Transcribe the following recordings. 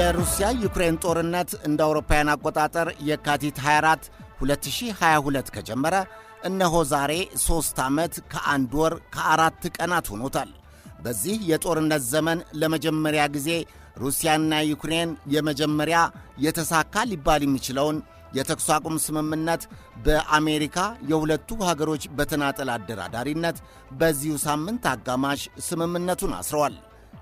የሩሲያ ዩክሬን ጦርነት እንደ አውሮፓውያን አቆጣጠር የካቲት 24 2022 ከጀመረ እነሆ ዛሬ ሦስት ዓመት ከአንድ ወር ከአራት ቀናት ሆኖታል። በዚህ የጦርነት ዘመን ለመጀመሪያ ጊዜ ሩሲያና ዩክሬን የመጀመሪያ የተሳካ ሊባል የሚችለውን የተኩስ አቁም ስምምነት በአሜሪካ የሁለቱ ሀገሮች በተናጠል አደራዳሪነት በዚሁ ሳምንት አጋማሽ ስምምነቱን አስረዋል።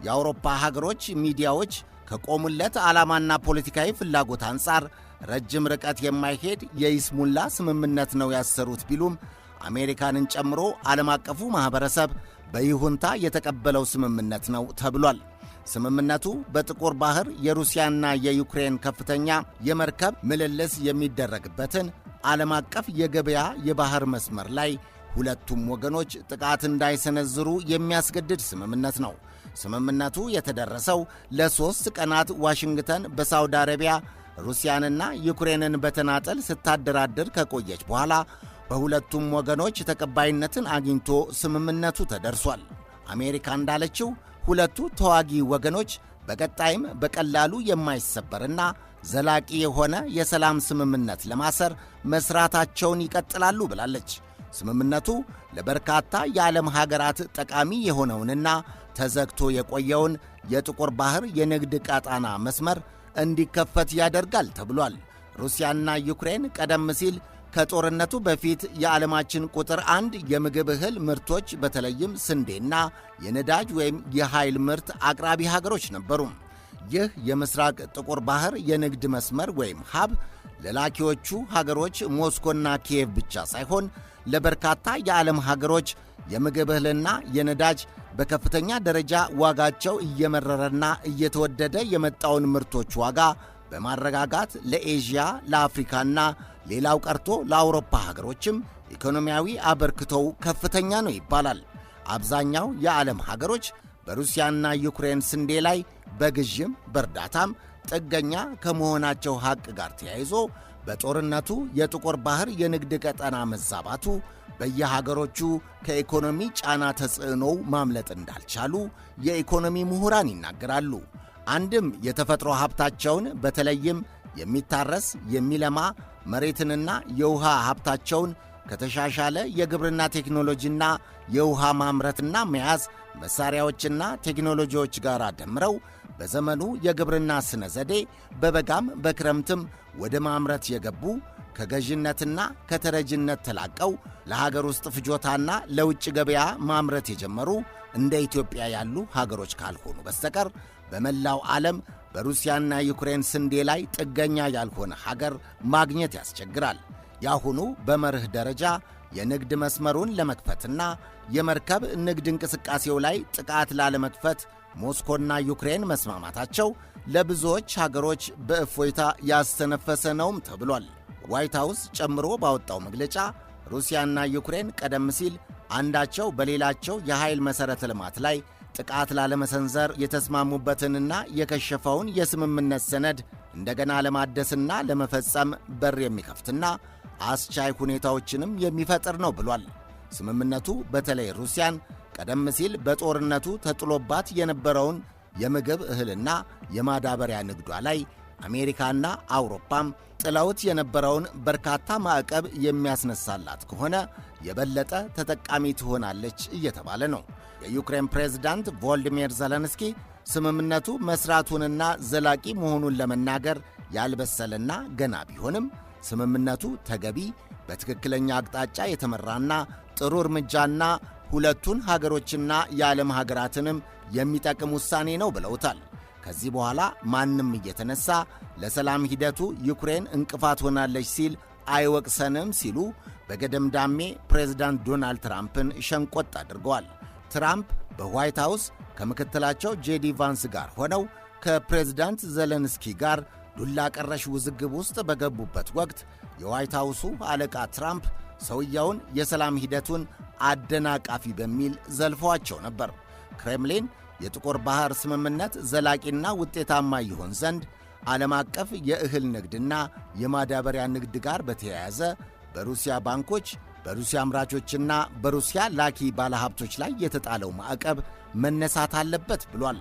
የአውሮፓ ሀገሮች ሚዲያዎች ከቆሙለት ዓላማና ፖለቲካዊ ፍላጎት አንጻር ረጅም ርቀት የማይሄድ የይስሙላ ስምምነት ነው ያሰሩት ቢሉም አሜሪካንን ጨምሮ ዓለም አቀፉ ማኅበረሰብ በይሁንታ የተቀበለው ስምምነት ነው ተብሏል። ስምምነቱ በጥቁር ባህር የሩሲያና የዩክሬን ከፍተኛ የመርከብ ምልልስ የሚደረግበትን ዓለም አቀፍ የገበያ የባህር መስመር ላይ ሁለቱም ወገኖች ጥቃት እንዳይሰነዝሩ የሚያስገድድ ስምምነት ነው። ስምምነቱ የተደረሰው ለሦስት ቀናት ዋሽንግተን በሳውዲ አረቢያ ሩሲያንና ዩክሬንን በተናጠል ስታደራድር ከቆየች በኋላ በሁለቱም ወገኖች ተቀባይነትን አግኝቶ ስምምነቱ ተደርሷል። አሜሪካ እንዳለችው ሁለቱ ተዋጊ ወገኖች በቀጣይም በቀላሉ የማይሰበርና ዘላቂ የሆነ የሰላም ስምምነት ለማሰር መስራታቸውን ይቀጥላሉ ብላለች። ስምምነቱ ለበርካታ የዓለም ሀገራት ጠቃሚ የሆነውንና ተዘግቶ የቆየውን የጥቁር ባህር የንግድ ቀጣና መስመር እንዲከፈት ያደርጋል ተብሏል። ሩሲያና ዩክሬን ቀደም ሲል ከጦርነቱ በፊት የዓለማችን ቁጥር አንድ የምግብ እህል ምርቶች በተለይም ስንዴና የነዳጅ ወይም የኃይል ምርት አቅራቢ ሀገሮች ነበሩ። ይህ የምስራቅ ጥቁር ባህር የንግድ መስመር ወይም ሀብ ለላኪዎቹ ሀገሮች ሞስኮና ኪየቭ ብቻ ሳይሆን ለበርካታ የዓለም ሀገሮች የምግብ እህልና የነዳጅ በከፍተኛ ደረጃ ዋጋቸው እየመረረና እየተወደደ የመጣውን ምርቶች ዋጋ በማረጋጋት ለኤዥያ ለአፍሪካና ሌላው ቀርቶ ለአውሮፓ ሀገሮችም ኢኮኖሚያዊ አበርክቶው ከፍተኛ ነው ይባላል። አብዛኛው የዓለም ሀገሮች በሩሲያና ዩክሬን ስንዴ ላይ በግዥም በእርዳታም ጥገኛ ከመሆናቸው ሐቅ ጋር ተያይዞ በጦርነቱ የጥቁር ባህር የንግድ ቀጠና መዛባቱ በየሀገሮቹ ከኢኮኖሚ ጫና ተጽዕኖው ማምለጥ እንዳልቻሉ የኢኮኖሚ ምሁራን ይናገራሉ። አንድም የተፈጥሮ ሀብታቸውን በተለይም የሚታረስ የሚለማ መሬትንና የውሃ ሀብታቸውን ከተሻሻለ የግብርና ቴክኖሎጂና የውሃ ማምረትና መያዝ መሣሪያዎችና ቴክኖሎጂዎች ጋር ደምረው በዘመኑ የግብርና ሥነ ዘዴ በበጋም በክረምትም ወደ ማምረት የገቡ ከገዥነትና ከተረጅነት ተላቀው ለሀገር ውስጥ ፍጆታና ለውጭ ገበያ ማምረት የጀመሩ እንደ ኢትዮጵያ ያሉ ሀገሮች ካልሆኑ በስተቀር በመላው ዓለም በሩሲያና ዩክሬን ስንዴ ላይ ጥገኛ ያልሆነ ሀገር ማግኘት ያስቸግራል። የአሁኑ በመርህ ደረጃ የንግድ መስመሩን ለመክፈትና የመርከብ ንግድ እንቅስቃሴው ላይ ጥቃት ላለመክፈት ሞስኮና ዩክሬን መስማማታቸው ለብዙዎች ሀገሮች በእፎይታ ያስተነፈሰ ነውም ተብሏል። ዋይት ሃውስ ጨምሮ ባወጣው መግለጫ ሩሲያና ዩክሬን ቀደም ሲል አንዳቸው በሌላቸው የኃይል መሠረተ ልማት ላይ ጥቃት ላለመሰንዘር የተስማሙበትንና የከሸፈውን የስምምነት ሰነድ እንደገና ለማደስና ለመፈጸም በር የሚከፍትና አስቻይ ሁኔታዎችንም የሚፈጥር ነው ብሏል። ስምምነቱ በተለይ ሩሲያን ቀደም ሲል በጦርነቱ ተጥሎባት የነበረውን የምግብ እህልና የማዳበሪያ ንግዷ ላይ አሜሪካና አውሮፓም ጥለውት የነበረውን በርካታ ማዕቀብ የሚያስነሳላት ከሆነ የበለጠ ተጠቃሚ ትሆናለች እየተባለ ነው። የዩክሬን ፕሬዝዳንት ቮልዲሚር ዘለንስኪ ስምምነቱ መስራቱንና ዘላቂ መሆኑን ለመናገር ያልበሰለና ገና ቢሆንም ስምምነቱ ተገቢ፣ በትክክለኛ አቅጣጫ የተመራና ጥሩ እርምጃና ሁለቱን ሀገሮችና የዓለም ሀገራትንም የሚጠቅም ውሳኔ ነው ብለውታል። ከዚህ በኋላ ማንም እየተነሳ ለሰላም ሂደቱ ዩክሬን እንቅፋት ሆናለች ሲል አይወቅሰንም ሲሉ በገደምዳሜ ፕሬዝዳንት ዶናልድ ትራምፕን ሸንቆጥ አድርገዋል። ትራምፕ በዋይት ሃውስ ከምክትላቸው ጄዲ ቫንስ ጋር ሆነው ከፕሬዝዳንት ዘለንስኪ ጋር ዱላ ቀረሽ ውዝግብ ውስጥ በገቡበት ወቅት የዋይት ሃውሱ አለቃ ትራምፕ ሰውየውን የሰላም ሂደቱን አደናቃፊ በሚል ዘልፏቸው ነበር። ክሬምሊን የጥቁር ባሕር ስምምነት ዘላቂና ውጤታማ ይሆን ዘንድ ዓለም አቀፍ የእህል ንግድና የማዳበሪያ ንግድ ጋር በተያያዘ በሩሲያ ባንኮች፣ በሩሲያ አምራቾችና በሩሲያ ላኪ ባለሀብቶች ላይ የተጣለው ማዕቀብ መነሳት አለበት ብሏል።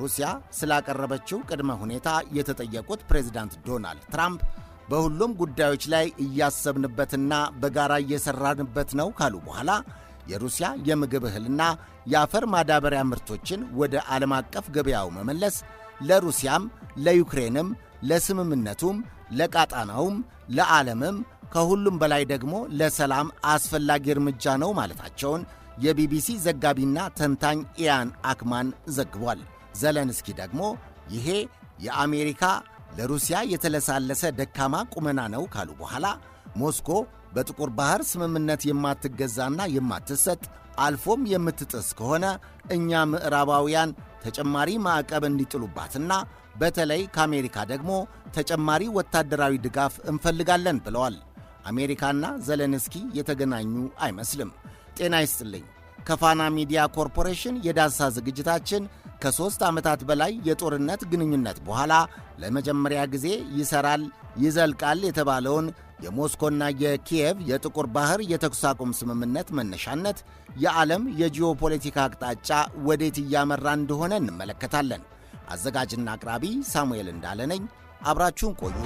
ሩሲያ ስላቀረበችው ቅድመ ሁኔታ የተጠየቁት ፕሬዚዳንት ዶናልድ ትራምፕ በሁሉም ጉዳዮች ላይ እያሰብንበትና በጋራ እየሰራንበት ነው ካሉ በኋላ የሩሲያ የምግብ እህልና የአፈር ማዳበሪያ ምርቶችን ወደ ዓለም አቀፍ ገበያው መመለስ ለሩሲያም ለዩክሬንም ለስምምነቱም ለቃጣናውም ለዓለምም ከሁሉም በላይ ደግሞ ለሰላም አስፈላጊ እርምጃ ነው ማለታቸውን የቢቢሲ ዘጋቢና ተንታኝ ኢያን አክማን ዘግቧል። ዘለንስኪ ደግሞ ይሄ የአሜሪካ ለሩሲያ የተለሳለሰ ደካማ ቁመና ነው ካሉ በኋላ ሞስኮ በጥቁር ባህር ስምምነት የማትገዛና የማትሰጥ አልፎም የምትጥስ ከሆነ እኛ ምዕራባውያን ተጨማሪ ማዕቀብ እንዲጥሉባትና በተለይ ከአሜሪካ ደግሞ ተጨማሪ ወታደራዊ ድጋፍ እንፈልጋለን ብለዋል። አሜሪካና ዘለንስኪ የተገናኙ አይመስልም። ጤና ይስጥልኝ። ከፋና ሚዲያ ኮርፖሬሽን የዳሳ ዝግጅታችን ከሦስት ዓመታት በላይ የጦርነት ግንኙነት በኋላ ለመጀመሪያ ጊዜ ይሰራል ይዘልቃል የተባለውን የሞስኮና የኪየቭ የጥቁር ባህር የተኩስ አቁም ስምምነት መነሻነት የዓለም የጂኦፖለቲካ አቅጣጫ ወዴት እያመራ እንደሆነ እንመለከታለን። አዘጋጅና አቅራቢ ሳሙኤል እንዳለ ነኝ። አብራችሁን ቆዩ።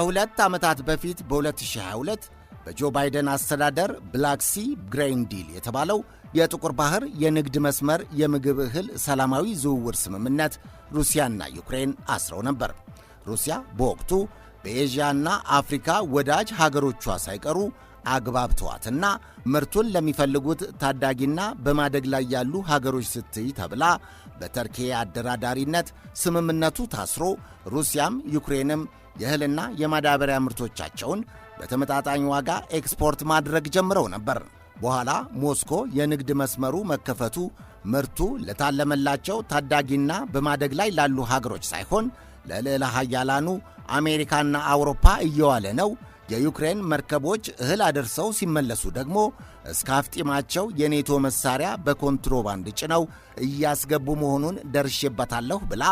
ከሁለት ዓመታት በፊት በ2022 በጆ ባይደን አስተዳደር ብላክ ሲ ግሬን ዲል የተባለው የጥቁር ባህር የንግድ መስመር የምግብ እህል ሰላማዊ ዝውውር ስምምነት ሩሲያና ዩክሬን አስረው ነበር። ሩሲያ በወቅቱ በኤዥያና አፍሪካ ወዳጅ ሀገሮቿ ሳይቀሩ አግባብተዋትና ምርቱን ለሚፈልጉት ታዳጊና በማደግ ላይ ያሉ ሀገሮች ስትይ ተብላ በተርኬ አደራዳሪነት ስምምነቱ ታስሮ ሩሲያም ዩክሬንም የእህልና የማዳበሪያ ምርቶቻቸውን በተመጣጣኝ ዋጋ ኤክስፖርት ማድረግ ጀምረው ነበር። በኋላ ሞስኮ የንግድ መስመሩ መከፈቱ ምርቱ ለታለመላቸው ታዳጊና በማደግ ላይ ላሉ ሀገሮች ሳይሆን ለልዕለ ሀያላኑ አሜሪካና አውሮፓ እየዋለ ነው። የዩክሬን መርከቦች እህል አደርሰው ሲመለሱ ደግሞ እስከ አፍጢማቸው የኔቶ መሳሪያ በኮንትሮባንድ ጭነው እያስገቡ መሆኑን ደርሼበታለሁ ብላ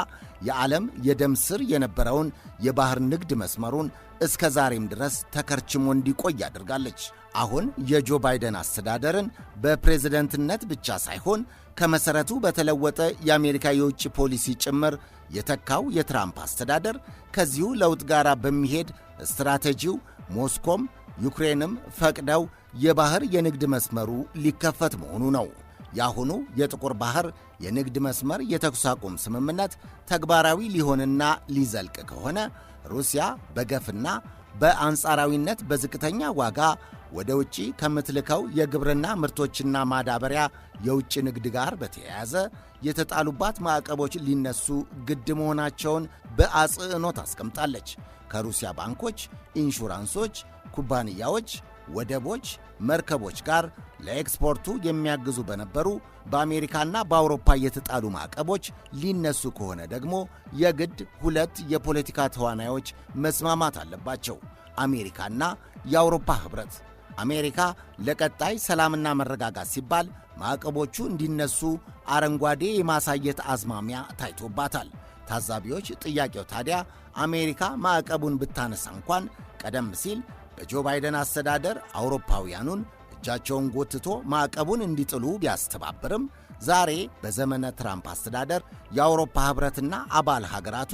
የዓለም የደም ስር የነበረውን የባህር ንግድ መስመሩን እስከ ዛሬም ድረስ ተከርችሞ እንዲቆይ አድርጋለች። አሁን የጆ ባይደን አስተዳደርን በፕሬዝደንትነት ብቻ ሳይሆን ከመሠረቱ በተለወጠ የአሜሪካ የውጭ ፖሊሲ ጭምር የተካው የትራምፕ አስተዳደር ከዚሁ ለውጥ ጋር በሚሄድ ስትራቴጂው ሞስኮም ዩክሬንም ፈቅደው የባህር የንግድ መስመሩ ሊከፈት መሆኑ ነው። የአሁኑ የጥቁር ባህር የንግድ መስመር የተኩስ አቁም ስምምነት ተግባራዊ ሊሆንና ሊዘልቅ ከሆነ ሩሲያ በገፍና በአንጻራዊነት በዝቅተኛ ዋጋ ወደ ውጭ ከምትልከው የግብርና ምርቶችና ማዳበሪያ የውጭ ንግድ ጋር በተያያዘ የተጣሉባት ማዕቀቦች ሊነሱ ግድ መሆናቸውን በአጽዕኖት አስቀምጣለች። ከሩሲያ ባንኮች፣ ኢንሹራንሶች፣ ኩባንያዎች ወደቦች፣ መርከቦች ጋር ለኤክስፖርቱ የሚያግዙ በነበሩ በአሜሪካና በአውሮፓ የተጣሉ ማዕቀቦች ሊነሱ ከሆነ ደግሞ የግድ ሁለት የፖለቲካ ተዋናዮች መስማማት አለባቸው፣ አሜሪካና የአውሮፓ ኅብረት። አሜሪካ ለቀጣይ ሰላምና መረጋጋት ሲባል ማዕቀቦቹ እንዲነሱ አረንጓዴ የማሳየት አዝማሚያ ታይቶባታል። ታዛቢዎች ጥያቄው ታዲያ አሜሪካ ማዕቀቡን ብታነሳ እንኳን ቀደም ሲል በጆ ባይደን አስተዳደር አውሮፓውያኑን እጃቸውን ጎትቶ ማዕቀቡን እንዲጥሉ ቢያስተባብርም ዛሬ በዘመነ ትራምፕ አስተዳደር የአውሮፓ ኅብረትና አባል ሀገራቱ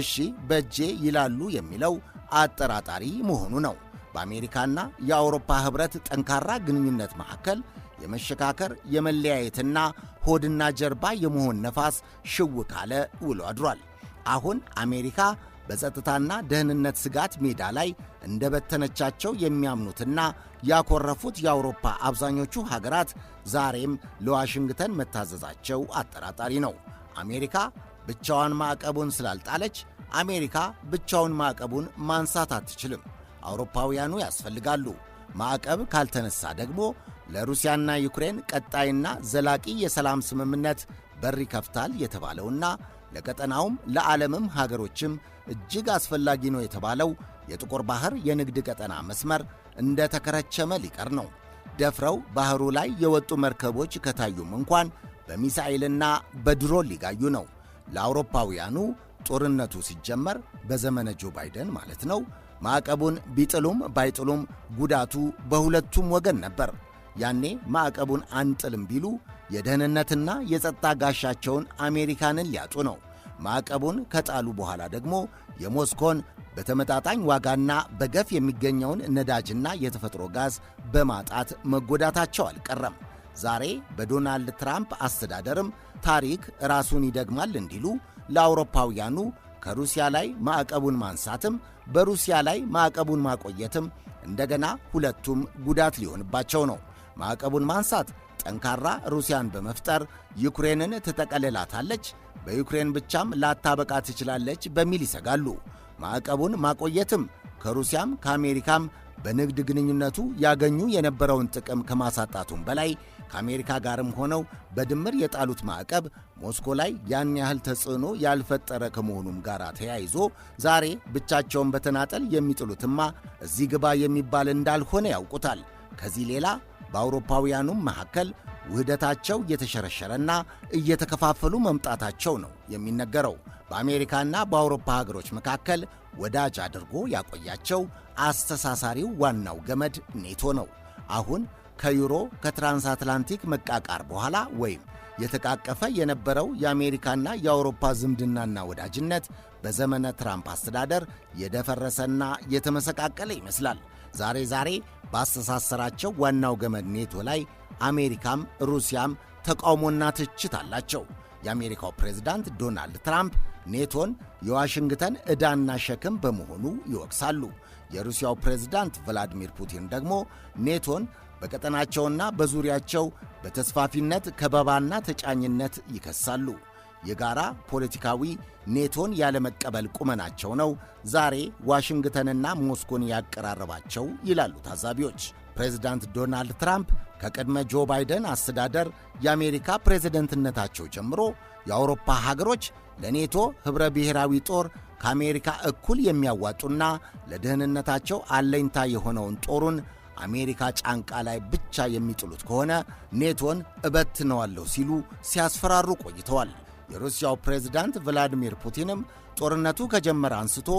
እሺ በጄ ይላሉ የሚለው አጠራጣሪ መሆኑ ነው። በአሜሪካና የአውሮፓ ኅብረት ጠንካራ ግንኙነት መካከል የመሸካከር የመለያየትና ሆድና ጀርባ የመሆን ነፋስ ሽው ካለ ውሎ አድሯል። አሁን አሜሪካ በጸጥታና ደህንነት ስጋት ሜዳ ላይ እንደበተነቻቸው የሚያምኑትና ያኮረፉት የአውሮፓ አብዛኞቹ ሀገራት ዛሬም ለዋሽንግተን መታዘዛቸው አጠራጣሪ ነው። አሜሪካ ብቻዋን ማዕቀቡን ስላልጣለች አሜሪካ ብቻውን ማዕቀቡን ማንሳት አትችልም። አውሮፓውያኑ ያስፈልጋሉ። ማዕቀብ ካልተነሳ ደግሞ ለሩሲያና ዩክሬን ቀጣይና ዘላቂ የሰላም ስምምነት በር ይከፍታል የተባለውና ለቀጠናውም ለዓለምም ሀገሮችም እጅግ አስፈላጊ ነው የተባለው የጥቁር ባህር የንግድ ቀጠና መስመር እንደ ተከረቸመ ሊቀር ነው። ደፍረው ባህሩ ላይ የወጡ መርከቦች ከታዩም እንኳን በሚሳኤልና በድሮን ሊጋዩ ነው። ለአውሮፓውያኑ ጦርነቱ ሲጀመር በዘመነ ጆ ባይደን ማለት ነው ማዕቀቡን ቢጥሉም ባይጥሉም ጉዳቱ በሁለቱም ወገን ነበር። ያኔ ማዕቀቡን አንጥልም ቢሉ የደህንነትና የጸጥታ ጋሻቸውን አሜሪካንን ሊያጡ ነው። ማዕቀቡን ከጣሉ በኋላ ደግሞ የሞስኮን በተመጣጣኝ ዋጋና በገፍ የሚገኘውን ነዳጅና የተፈጥሮ ጋዝ በማጣት መጎዳታቸው አልቀረም። ዛሬ በዶናልድ ትራምፕ አስተዳደርም ታሪክ ራሱን ይደግማል እንዲሉ ለአውሮፓውያኑ ከሩሲያ ላይ ማዕቀቡን ማንሳትም በሩሲያ ላይ ማዕቀቡን ማቆየትም እንደገና ሁለቱም ጉዳት ሊሆንባቸው ነው። ማዕቀቡን ማንሳት ጠንካራ ሩሲያን በመፍጠር ዩክሬንን ትጠቀልላታለች፣ በዩክሬን ብቻም ላታበቃ ትችላለች በሚል ይሰጋሉ። ማዕቀቡን ማቆየትም ከሩሲያም ከአሜሪካም በንግድ ግንኙነቱ ያገኙ የነበረውን ጥቅም ከማሳጣቱም በላይ ከአሜሪካ ጋርም ሆነው በድምር የጣሉት ማዕቀብ ሞስኮ ላይ ያን ያህል ተጽዕኖ ያልፈጠረ ከመሆኑም ጋር ተያይዞ ዛሬ ብቻቸውን በተናጠል የሚጥሉትማ እዚህ ግባ የሚባል እንዳልሆነ ያውቁታል። ከዚህ ሌላ በአውሮፓውያኑም መካከል ውህደታቸው እየተሸረሸረና እየተከፋፈሉ መምጣታቸው ነው የሚነገረው። በአሜሪካና በአውሮፓ ሀገሮች መካከል ወዳጅ አድርጎ ያቆያቸው አስተሳሳሪው ዋናው ገመድ ኔቶ ነው። አሁን ከዩሮ ከትራንስአትላንቲክ መቃቃር በኋላ ወይም የተቃቀፈ የነበረው የአሜሪካና የአውሮፓ ዝምድናና ወዳጅነት በዘመነ ትራምፕ አስተዳደር የደፈረሰና የተመሰቃቀለ ይመስላል። ዛሬ ዛሬ ባስተሳሰራቸው ዋናው ገመድ ኔቶ ላይ አሜሪካም ሩሲያም ተቃውሞና ትችት አላቸው። የአሜሪካው ፕሬዝዳንት ዶናልድ ትራምፕ ኔቶን የዋሽንግተን ዕዳና ሸክም በመሆኑ ይወቅሳሉ። የሩሲያው ፕሬዝዳንት ቭላዲሚር ፑቲን ደግሞ ኔቶን በቀጠናቸውና በዙሪያቸው በተስፋፊነት ከበባና ተጫኝነት ይከሳሉ። የጋራ ፖለቲካዊ ኔቶን ያለመቀበል ቁመናቸው ነው ዛሬ ዋሽንግተንና ሞስኮን ያቀራረባቸው ይላሉ ታዛቢዎች። ፕሬዚዳንት ዶናልድ ትራምፕ ከቅድመ ጆ ባይደን አስተዳደር የአሜሪካ ፕሬዝደንትነታቸው ጀምሮ የአውሮፓ ሀገሮች ለኔቶ ኅብረ ብሔራዊ ጦር ከአሜሪካ እኩል የሚያዋጡና ለደህንነታቸው አለኝታ የሆነውን ጦሩን አሜሪካ ጫንቃ ላይ ብቻ የሚጥሉት ከሆነ ኔቶን እበትነዋለሁ ሲሉ ሲያስፈራሩ ቆይተዋል። የሩሲያው ፕሬዝዳንት ቭላዲሚር ፑቲንም ጦርነቱ ከጀመረ አንስቶ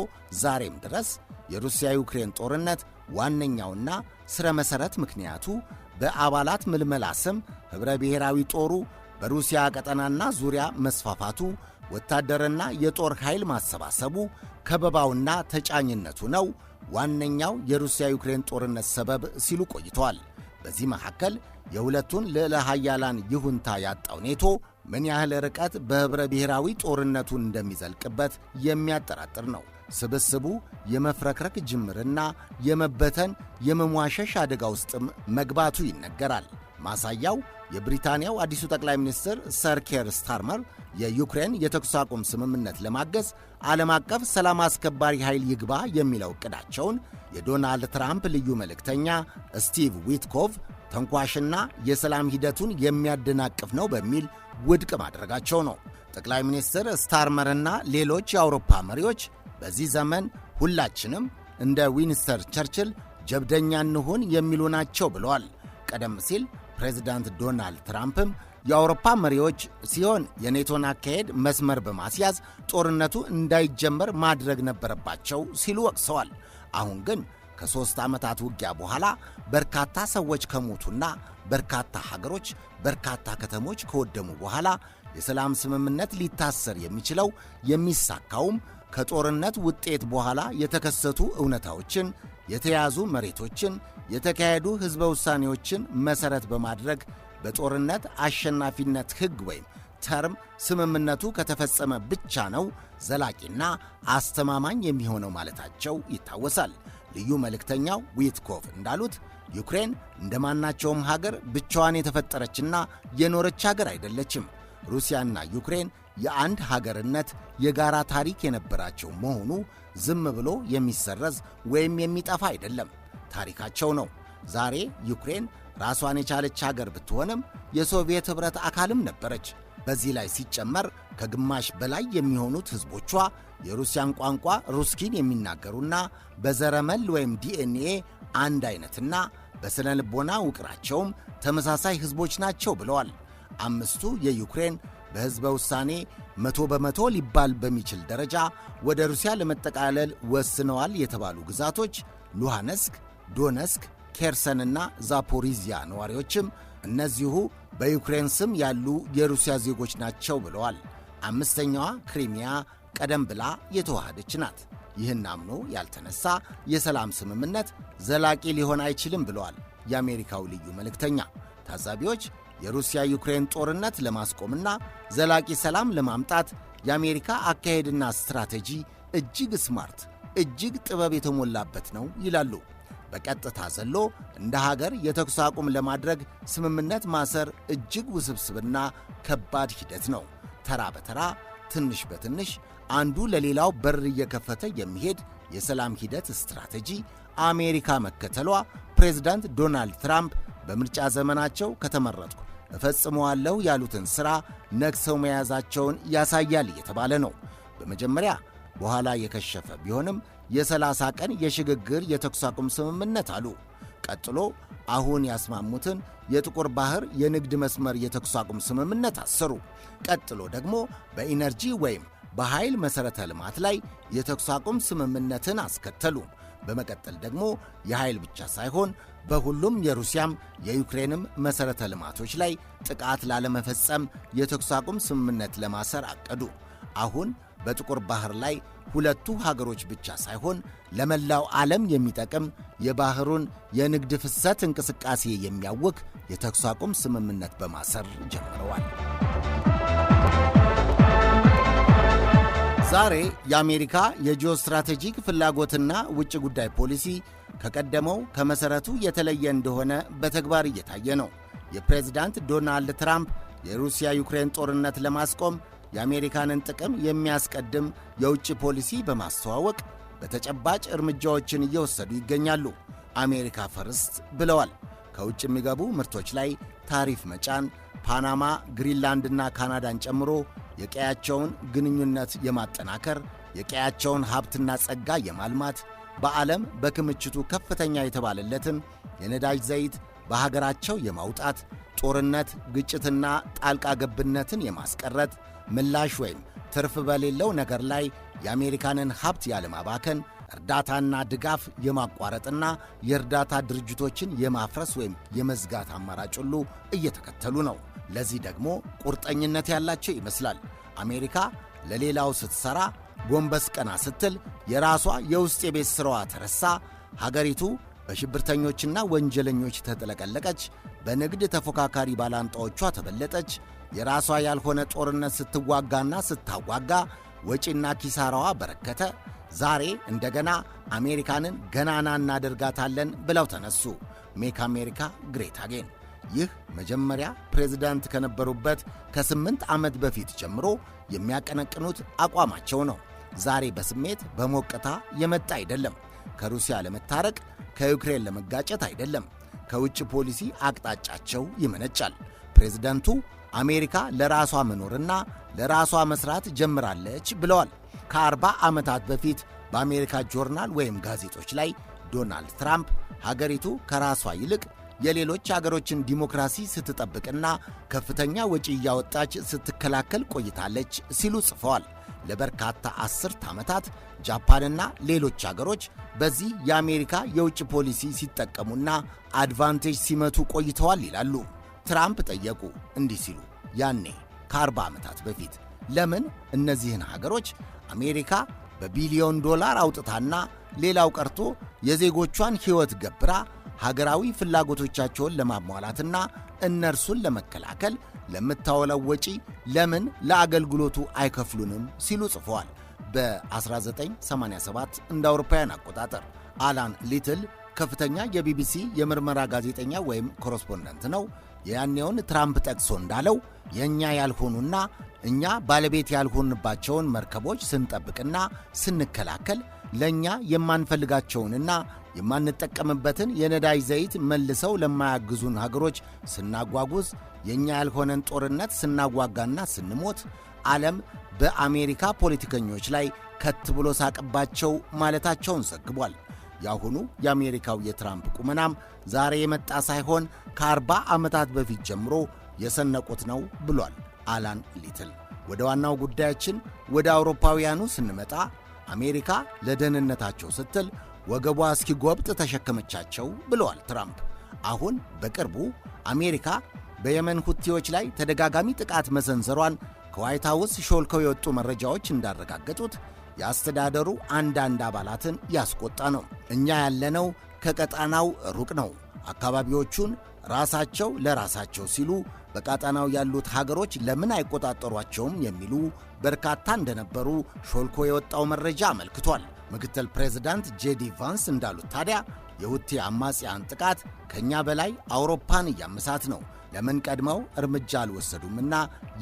ዛሬም ድረስ የሩሲያ ዩክሬን ጦርነት ዋነኛውና ሥረ መሠረት ምክንያቱ በአባላት ምልመላ ስም ኅብረ ብሔራዊ ጦሩ በሩሲያ ቀጠናና ዙሪያ መስፋፋቱ፣ ወታደርና የጦር ኃይል ማሰባሰቡ፣ ከበባውና ተጫኝነቱ ነው ዋነኛው የሩሲያ ዩክሬን ጦርነት ሰበብ ሲሉ ቆይተዋል። በዚህ መካከል የሁለቱን ልዕለ ኃያላን ይሁንታ ያጣው ኔቶ ምን ያህል ርቀት በኅብረ ብሔራዊ ጦርነቱን እንደሚዘልቅበት የሚያጠራጥር ነው። ስብስቡ የመፍረክረክ ጅምርና የመበተን የመሟሸሽ አደጋ ውስጥም መግባቱ ይነገራል። ማሳያው የብሪታንያው አዲሱ ጠቅላይ ሚኒስትር ሰር ኬር ስታርመር የዩክሬን የተኩስ አቁም ስምምነት ለማገዝ ዓለም አቀፍ ሰላም አስከባሪ ኃይል ይግባ የሚለው ዕቅዳቸውን የዶናልድ ትራምፕ ልዩ መልእክተኛ ስቲቭ ዊትኮቭ ተንኳሽና የሰላም ሂደቱን የሚያደናቅፍ ነው በሚል ውድቅ ማድረጋቸው ነው። ጠቅላይ ሚኒስትር ስታርመርና ሌሎች የአውሮፓ መሪዎች በዚህ ዘመን ሁላችንም እንደ ዊንስተር ቸርችል ጀብደኛ እንሁን የሚሉ ናቸው ብለዋል። ቀደም ሲል ፕሬዚዳንት ዶናልድ ትራምፕም የአውሮፓ መሪዎች ሲሆን የኔቶን አካሄድ መስመር በማስያዝ ጦርነቱ እንዳይጀመር ማድረግ ነበረባቸው ሲሉ ወቅሰዋል። አሁን ግን ከሦስት ዓመታት ውጊያ በኋላ በርካታ ሰዎች ከሞቱና በርካታ ሀገሮች፣ በርካታ ከተሞች ከወደሙ በኋላ የሰላም ስምምነት ሊታሰር የሚችለው የሚሳካውም ከጦርነት ውጤት በኋላ የተከሰቱ እውነታዎችን፣ የተያዙ መሬቶችን፣ የተካሄዱ ሕዝበ ውሳኔዎችን መሠረት በማድረግ በጦርነት አሸናፊነት ሕግ ወይም ተርም ስምምነቱ ከተፈጸመ ብቻ ነው ዘላቂና አስተማማኝ የሚሆነው ማለታቸው ይታወሳል። ልዩ መልእክተኛው ዊትኮቭ እንዳሉት ዩክሬን እንደማናቸውም ሀገር ብቻዋን የተፈጠረችና የኖረች ሀገር አይደለችም። ሩሲያና ዩክሬን የአንድ ሀገርነት የጋራ ታሪክ የነበራቸው መሆኑ ዝም ብሎ የሚሰረዝ ወይም የሚጠፋ አይደለም፣ ታሪካቸው ነው። ዛሬ ዩክሬን ራሷን የቻለች ሀገር ብትሆንም የሶቪየት ኅብረት አካልም ነበረች። በዚህ ላይ ሲጨመር ከግማሽ በላይ የሚሆኑት ሕዝቦቿ የሩሲያን ቋንቋ ሩስኪን የሚናገሩና በዘረመል ወይም ዲኤንኤ አንድ አይነትና በሥነ ልቦና ውቅራቸውም ተመሳሳይ ሕዝቦች ናቸው ብለዋል። አምስቱ የዩክሬን በሕዝበ ውሳኔ መቶ በመቶ ሊባል በሚችል ደረጃ ወደ ሩሲያ ለመጠቃለል ወስነዋል የተባሉ ግዛቶች ሉሃንስክ፣ ዶነስክ፣ ኬርሰንና ዛፖሪዚያ ነዋሪዎችም እነዚሁ በዩክሬን ስም ያሉ የሩሲያ ዜጎች ናቸው ብለዋል። አምስተኛዋ ክሪሚያ ቀደም ብላ የተዋሃደች ናት። ይህን አምኖ ያልተነሳ የሰላም ስምምነት ዘላቂ ሊሆን አይችልም ብለዋል የአሜሪካው ልዩ መልእክተኛ። ታዛቢዎች የሩሲያ ዩክሬን ጦርነት ለማስቆምና ዘላቂ ሰላም ለማምጣት የአሜሪካ አካሄድና ስትራቴጂ እጅግ ስማርት፣ እጅግ ጥበብ የተሞላበት ነው ይላሉ። በቀጥታ ዘሎ እንደ ሀገር የተኩስ አቁም ለማድረግ ስምምነት ማሰር እጅግ ውስብስብና ከባድ ሂደት ነው። ተራ በተራ ትንሽ በትንሽ አንዱ ለሌላው በር እየከፈተ የሚሄድ የሰላም ሂደት ስትራቴጂ አሜሪካ መከተሏ ፕሬዝዳንት ዶናልድ ትራምፕ በምርጫ ዘመናቸው ከተመረጥኩ እፈጽመዋለሁ ያሉትን ሥራ ነክሰው መያዛቸውን ያሳያል እየተባለ ነው። በመጀመሪያ በኋላ የከሸፈ ቢሆንም የ30 ቀን የሽግግር የተኩስ አቁም ስምምነት አሉ። ቀጥሎ አሁን ያስማሙትን የጥቁር ባህር የንግድ መስመር የተኩስ አቁም ስምምነት አሰሩ። ቀጥሎ ደግሞ በኢነርጂ ወይም በኃይል መሠረተ ልማት ላይ የተኩስ አቁም ስምምነትን አስከተሉ። በመቀጠል ደግሞ የኃይል ብቻ ሳይሆን በሁሉም የሩሲያም የዩክሬንም መሠረተ ልማቶች ላይ ጥቃት ላለመፈጸም የተኩስ አቁም ስምምነት ለማሰር አቀዱ። አሁን በጥቁር ባህር ላይ ሁለቱ ሀገሮች ብቻ ሳይሆን ለመላው ዓለም የሚጠቅም የባህሩን የንግድ ፍሰት እንቅስቃሴ የሚያውክ የተኩስ አቁም ስምምነት በማሰር ጀምረዋል። ዛሬ የአሜሪካ የጂኦ ስትራቴጂክ ፍላጎትና ውጭ ጉዳይ ፖሊሲ ከቀደመው ከመሠረቱ የተለየ እንደሆነ በተግባር እየታየ ነው። የፕሬዚዳንት ዶናልድ ትራምፕ የሩሲያ ዩክሬን ጦርነት ለማስቆም የአሜሪካንን ጥቅም የሚያስቀድም የውጭ ፖሊሲ በማስተዋወቅ በተጨባጭ እርምጃዎችን እየወሰዱ ይገኛሉ። አሜሪካ ፈርስት ብለዋል። ከውጭ የሚገቡ ምርቶች ላይ ታሪፍ መጫን፣ ፓናማ፣ ግሪንላንድና ካናዳን ጨምሮ የቀያቸውን ግንኙነት የማጠናከር የቀያቸውን ሀብትና ጸጋ የማልማት በዓለም በክምችቱ ከፍተኛ የተባለለትን የነዳጅ ዘይት በሀገራቸው የማውጣት ጦርነት፣ ግጭትና ጣልቃ ገብነትን የማስቀረት ምላሽ ወይም ትርፍ በሌለው ነገር ላይ የአሜሪካንን ሀብት ያለማባከን እርዳታና ድጋፍ የማቋረጥና የእርዳታ ድርጅቶችን የማፍረስ ወይም የመዝጋት አማራጭ ሁሉ እየተከተሉ ነው። ለዚህ ደግሞ ቁርጠኝነት ያላቸው ይመስላል። አሜሪካ ለሌላው ስትሠራ ጎንበስ ቀና ስትል የራሷ የውስጥ የቤት ሥራዋ ተረሳ፣ ሀገሪቱ በሽብርተኞችና ወንጀለኞች ተጥለቀለቀች፣ በንግድ ተፎካካሪ ባላንጣዎቿ ተበለጠች። የራሷ ያልሆነ ጦርነት ስትዋጋና ስታዋጋ ወጪና ኪሳራዋ በረከተ። ዛሬ እንደገና አሜሪካንን ገናና እናደርጋታለን ብለው ተነሱ። ሜክ አሜሪካ ግሬት አጌን። ይህ መጀመሪያ ፕሬዝዳንት ከነበሩበት ከስምንት ዓመት በፊት ጀምሮ የሚያቀነቅኑት አቋማቸው ነው። ዛሬ በስሜት በሞቀታ የመጣ አይደለም። ከሩሲያ ለመታረቅ ከዩክሬን ለመጋጨት አይደለም፣ ከውጭ ፖሊሲ አቅጣጫቸው ይመነጫል። ፕሬዝደንቱ አሜሪካ ለራሷ መኖርና ለራሷ መስራት ጀምራለች ብለዋል። ከአርባ ዓመታት በፊት በአሜሪካ ጆርናል ወይም ጋዜጦች ላይ ዶናልድ ትራምፕ ሀገሪቱ ከራሷ ይልቅ የሌሎች አገሮችን ዲሞክራሲ ስትጠብቅና ከፍተኛ ወጪ እያወጣች ስትከላከል ቆይታለች ሲሉ ጽፈዋል። ለበርካታ አስርት ዓመታት ጃፓንና ሌሎች አገሮች በዚህ የአሜሪካ የውጭ ፖሊሲ ሲጠቀሙና አድቫንቴጅ ሲመቱ ቆይተዋል ይላሉ። ትራምፕ ጠየቁ እንዲህ ሲሉ ያኔ ከ40 ዓመታት በፊት ለምን እነዚህን ሀገሮች አሜሪካ በቢሊዮን ዶላር አውጥታና ሌላው ቀርቶ የዜጎቿን ሕይወት ገብራ ሀገራዊ ፍላጎቶቻቸውን ለማሟላትና እነርሱን ለመከላከል ለምታወላው ወጪ ለምን ለአገልግሎቱ አይከፍሉንም ሲሉ ጽፏል በ በ1987 እንደ አውሮፓውያን አቆጣጠር አላን ሊትል ከፍተኛ የቢቢሲ የምርመራ ጋዜጠኛ ወይም ኮረስፖንደንት ነው። የያኔውን ትራምፕ ጠቅሶ እንዳለው የእኛ ያልሆኑና እኛ ባለቤት ያልሆንባቸውን መርከቦች ስንጠብቅና ስንከላከል ለእኛ የማንፈልጋቸውንና የማንጠቀምበትን የነዳጅ ዘይት መልሰው ለማያግዙን ሀገሮች ስናጓጉዝ፣ የእኛ ያልሆነን ጦርነት ስናጓጋና ስንሞት ዓለም በአሜሪካ ፖለቲከኞች ላይ ከት ብሎ ሳቅባቸው ማለታቸውን ዘግቧል። የአሁኑ የአሜሪካው የትራምፕ ቁመናም ዛሬ የመጣ ሳይሆን ከአርባ ዓመታት በፊት ጀምሮ የሰነቁት ነው ብሏል አላን ሊትል። ወደ ዋናው ጉዳያችን ወደ አውሮፓውያኑ ስንመጣ አሜሪካ ለደህንነታቸው ስትል ወገቧ እስኪጎብጥ ተሸከመቻቸው ብለዋል ትራምፕ። አሁን በቅርቡ አሜሪካ በየመን ሁቲዎች ላይ ተደጋጋሚ ጥቃት መሰንዘሯን ከዋይት ሐውስ ሾልከው የወጡ መረጃዎች እንዳረጋገጡት የአስተዳደሩ አንዳንድ አባላትን ያስቆጣ ነው። እኛ ያለነው ከቀጣናው ሩቅ ነው፣ አካባቢዎቹን ራሳቸው ለራሳቸው ሲሉ በቀጠናው ያሉት ሀገሮች ለምን አይቆጣጠሯቸውም የሚሉ በርካታ እንደነበሩ ሾልኮ የወጣው መረጃ አመልክቷል። ምክትል ፕሬዚዳንት ጄዲ ቫንስ እንዳሉት ታዲያ የሁቲ አማጽያን ጥቃት ከእኛ በላይ አውሮፓን እያመሳት ነው። ለምን ቀድመው እርምጃ አልወሰዱምና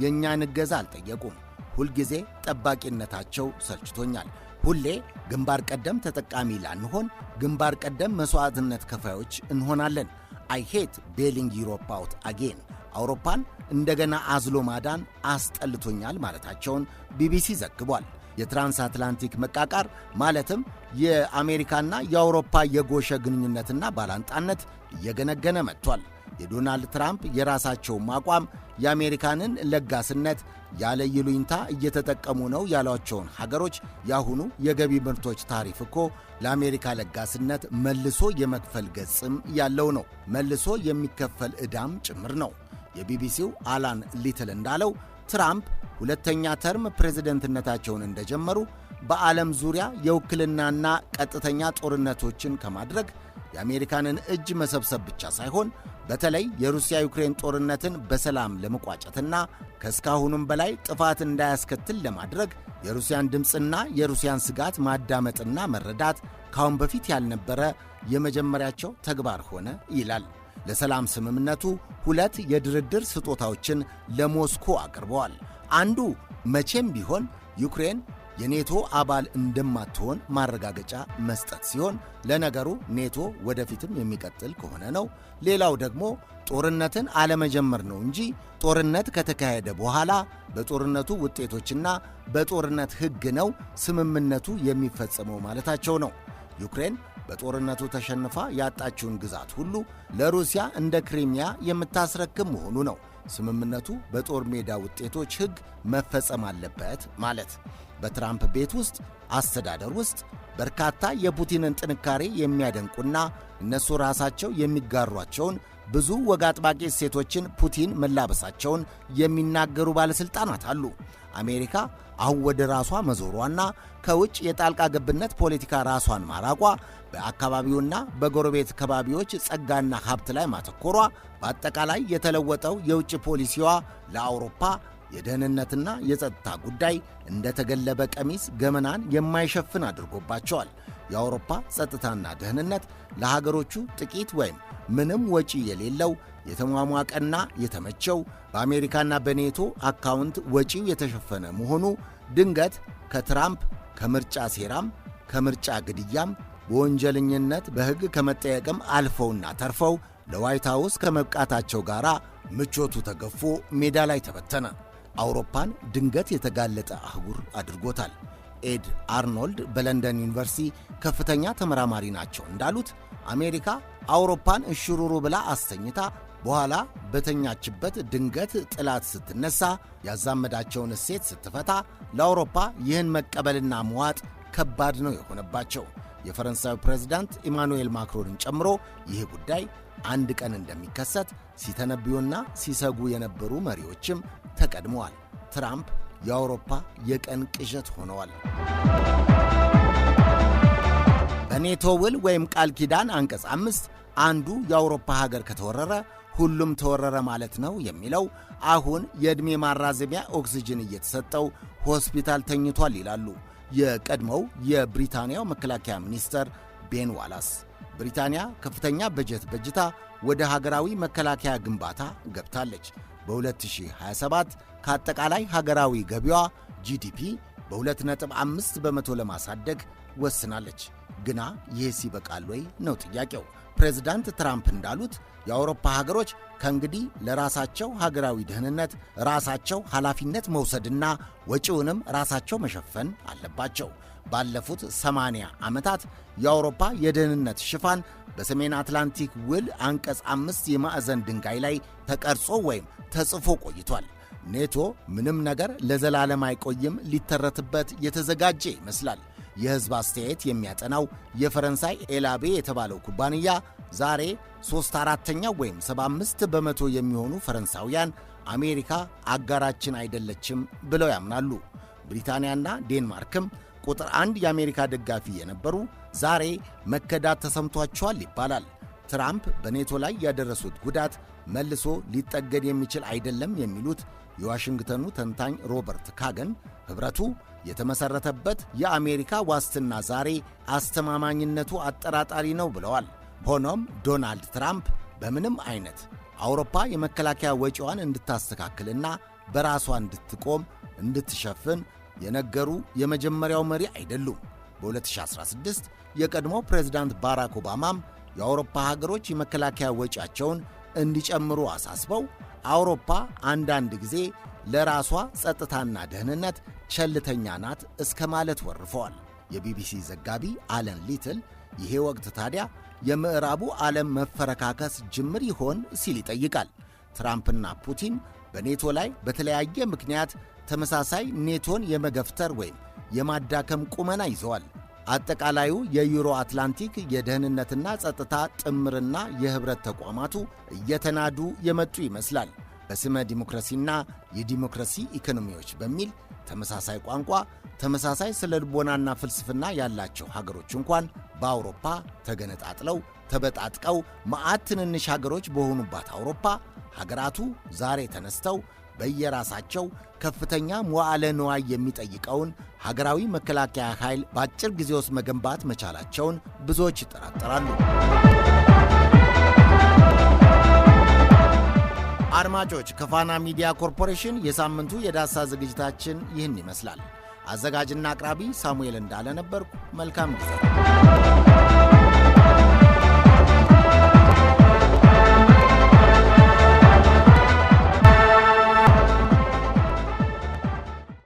የእኛን እገዛ አልጠየቁም? ሁልጊዜ ጠባቂነታቸው ሰልችቶኛል። ሁሌ ግንባር ቀደም ተጠቃሚ ላንሆን ግንባር ቀደም መሥዋዕትነት ከፋዮች እንሆናለን። አይ ሄት ቤሊንግ ዩሮፕ አውት አጌን አውሮፓን እንደገና አዝሎ ማዳን አስጠልቶኛል ማለታቸውን ቢቢሲ ዘግቧል። የትራንስአትላንቲክ መቃቃር ማለትም የአሜሪካና የአውሮፓ የጎሸ ግንኙነትና ባላንጣነት እየገነገነ መጥቷል። የዶናልድ ትራምፕ የራሳቸውም አቋም የአሜሪካንን ለጋስነት ያለ ይሉኝታ እየተጠቀሙ ነው ያሏቸውን ሀገሮች የአሁኑ የገቢ ምርቶች ታሪፍ እኮ ለአሜሪካ ለጋስነት መልሶ የመክፈል ገጽም ያለው ነው። መልሶ የሚከፈል ዕዳም ጭምር ነው። የቢቢሲው አላን ሊትል እንዳለው ትራምፕ ሁለተኛ ተርም ፕሬዝደንትነታቸውን እንደጀመሩ በዓለም ዙሪያ የውክልናና ቀጥተኛ ጦርነቶችን ከማድረግ የአሜሪካንን እጅ መሰብሰብ ብቻ ሳይሆን በተለይ የሩሲያ ዩክሬን ጦርነትን በሰላም ለመቋጨትና ከእስካሁኑም በላይ ጥፋት እንዳያስከትል ለማድረግ የሩሲያን ድምፅና የሩሲያን ስጋት ማዳመጥና መረዳት ካሁን በፊት ያልነበረ የመጀመሪያቸው ተግባር ሆነ ይላል። ለሰላም ስምምነቱ ሁለት የድርድር ስጦታዎችን ለሞስኮ አቅርበዋል። አንዱ መቼም ቢሆን ዩክሬን የኔቶ አባል እንደማትሆን ማረጋገጫ መስጠት ሲሆን ለነገሩ ኔቶ ወደፊትም የሚቀጥል ከሆነ ነው። ሌላው ደግሞ ጦርነትን አለመጀመር ነው እንጂ ጦርነት ከተካሄደ በኋላ በጦርነቱ ውጤቶችና በጦርነት ሕግ ነው ስምምነቱ የሚፈጸመው ማለታቸው ነው። ዩክሬን በጦርነቱ ተሸንፋ ያጣችውን ግዛት ሁሉ ለሩሲያ እንደ ክሪሚያ የምታስረክብ መሆኑ ነው። ስምምነቱ በጦር ሜዳ ውጤቶች ሕግ መፈጸም አለበት ማለት በትራምፕ ቤት ውስጥ አስተዳደር ውስጥ በርካታ የፑቲንን ጥንካሬ የሚያደንቁና እነሱ ራሳቸው የሚጋሯቸውን ብዙ ወግ አጥባቂ እሴቶችን ፑቲን መላበሳቸውን የሚናገሩ ባለሥልጣናት አሉ። አሜሪካ አወደ ወደ ራሷ መዞሯና ከውጭ የጣልቃ ገብነት ፖለቲካ ራሷን ማራቋ፣ በአካባቢውና በጎረቤት ከባቢዎች ጸጋና ሀብት ላይ ማተኮሯ፣ በአጠቃላይ የተለወጠው የውጭ ፖሊሲዋ ለአውሮፓ የደህንነትና የጸጥታ ጉዳይ እንደተገለበ ቀሚስ ገመናን የማይሸፍን አድርጎባቸዋል። የአውሮፓ ጸጥታና ደህንነት ለሀገሮቹ ጥቂት ወይም ምንም ወጪ የሌለው የተሟሟቀና የተመቸው በአሜሪካና በኔቶ አካውንት ወጪው የተሸፈነ መሆኑ ድንገት ከትራምፕ ከምርጫ ሴራም ከምርጫ ግድያም በወንጀለኝነት በሕግ ከመጠየቅም አልፈውና ተርፈው ለዋይት ሐውስ ከመብቃታቸው ጋር ምቾቱ ተገፎ ሜዳ ላይ ተበተነ። አውሮፓን ድንገት የተጋለጠ አህጉር አድርጎታል። ኤድ አርኖልድ በለንደን ዩኒቨርሲቲ ከፍተኛ ተመራማሪ ናቸው። እንዳሉት አሜሪካ አውሮፓን እሽሩሩ ብላ አስተኝታ በኋላ በተኛችበት ድንገት ጥላት ስትነሳ ያዛመዳቸውን እሴት ስትፈታ ለአውሮፓ ይህን መቀበልና መዋጥ ከባድ ነው የሆነባቸው። የፈረንሳዩ ፕሬዝዳንት ኢማኑኤል ማክሮንን ጨምሮ ይህ ጉዳይ አንድ ቀን እንደሚከሰት ሲተነብዩና ሲሰጉ የነበሩ መሪዎችም ተቀድመዋል። ትራምፕ የአውሮፓ የቀን ቅዠት ሆነዋል። በኔቶ ውል ወይም ቃል ኪዳን አንቀጽ አምስት አንዱ የአውሮፓ ሀገር ከተወረረ ሁሉም ተወረረ ማለት ነው የሚለው አሁን የዕድሜ ማራዘሚያ ኦክስጅን እየተሰጠው ሆስፒታል ተኝቷል ይላሉ የቀድሞው የብሪታንያው መከላከያ ሚኒስተር ቤን ዋላስ። ብሪታንያ ከፍተኛ በጀት በጅታ ወደ ሀገራዊ መከላከያ ግንባታ ገብታለች። በ2027 ከአጠቃላይ ሀገራዊ ገቢዋ ጂዲፒ በ2.5 በመቶ ለማሳደግ ወስናለች። ግና ይህ ሲበቃል ወይ ነው ጥያቄው። ፕሬዝዳንት ትራምፕ እንዳሉት የአውሮፓ ሀገሮች ከእንግዲህ ለራሳቸው ሀገራዊ ደህንነት ራሳቸው ኃላፊነት መውሰድና ወጪውንም ራሳቸው መሸፈን አለባቸው። ባለፉት 80 ዓመታት የአውሮፓ የደህንነት ሽፋን በሰሜን አትላንቲክ ውል አንቀጽ አምስት የማዕዘን ድንጋይ ላይ ተቀርጾ ወይም ተጽፎ ቆይቷል። ኔቶ ምንም ነገር ለዘላለም አይቆይም ሊተረትበት የተዘጋጀ ይመስላል። የህዝብ አስተያየት የሚያጠናው የፈረንሳይ ኤላቤ የተባለው ኩባንያ ዛሬ ሦስት አራተኛው ወይም 75 በመቶ የሚሆኑ ፈረንሳውያን አሜሪካ አጋራችን አይደለችም ብለው ያምናሉ። ብሪታንያና ዴንማርክም ቁጥር አንድ የአሜሪካ ደጋፊ የነበሩ ዛሬ መከዳት ተሰምቷቸዋል ይባላል። ትራምፕ በኔቶ ላይ ያደረሱት ጉዳት መልሶ ሊጠገድ የሚችል አይደለም የሚሉት የዋሽንግተኑ ተንታኝ ሮበርት ካገን ኅብረቱ የተመሠረተበት የአሜሪካ ዋስትና ዛሬ አስተማማኝነቱ አጠራጣሪ ነው ብለዋል። ሆኖም ዶናልድ ትራምፕ በምንም አይነት አውሮፓ የመከላከያ ወጪዋን እንድታስተካክልና በራሷ እንድትቆም እንድትሸፍን የነገሩ የመጀመሪያው መሪ አይደሉም። በ2016 የቀድሞ ፕሬዝዳንት ባራክ ኦባማም የአውሮፓ ሀገሮች የመከላከያ ወጪያቸውን እንዲጨምሩ አሳስበው አውሮፓ አንዳንድ ጊዜ ለራሷ ጸጥታና ደህንነት ቸልተኛ ናት እስከ ማለት ወርፈዋል። የቢቢሲ ዘጋቢ አለን ሊትል ይሄ ወቅት ታዲያ የምዕራቡ ዓለም መፈረካከስ ጅምር ይሆን ሲል ይጠይቃል። ትራምፕና ፑቲን በኔቶ ላይ በተለያየ ምክንያት ተመሳሳይ ኔቶን የመገፍተር ወይም የማዳከም ቁመና ይዘዋል። አጠቃላዩ የዩሮ አትላንቲክ የደህንነትና ጸጥታ ጥምርና የኅብረት ተቋማቱ እየተናዱ የመጡ ይመስላል። በስመ ዲሞክራሲና የዲሞክራሲ ኢኮኖሚዎች በሚል ተመሳሳይ ቋንቋ ተመሳሳይ ስለ ልቦናና ፍልስፍና ያላቸው ሀገሮች እንኳን በአውሮፓ ተገነጣጥለው ተበጣጥቀው መዓት ትንንሽ ሀገሮች በሆኑባት አውሮፓ ሀገራቱ ዛሬ ተነስተው በየራሳቸው ከፍተኛ መዋዕለ ንዋይ የሚጠይቀውን ሀገራዊ መከላከያ ኃይል በአጭር ጊዜ ውስጥ መገንባት መቻላቸውን ብዙዎች ይጠራጠራሉ። አድማጮች ከፋና ሚዲያ ኮርፖሬሽን የሳምንቱ የዳሰሳ ዝግጅታችን ይህን ይመስላል። አዘጋጅና አቅራቢ ሳሙኤል እንዳለ ነበርኩ። መልካም ጊዜ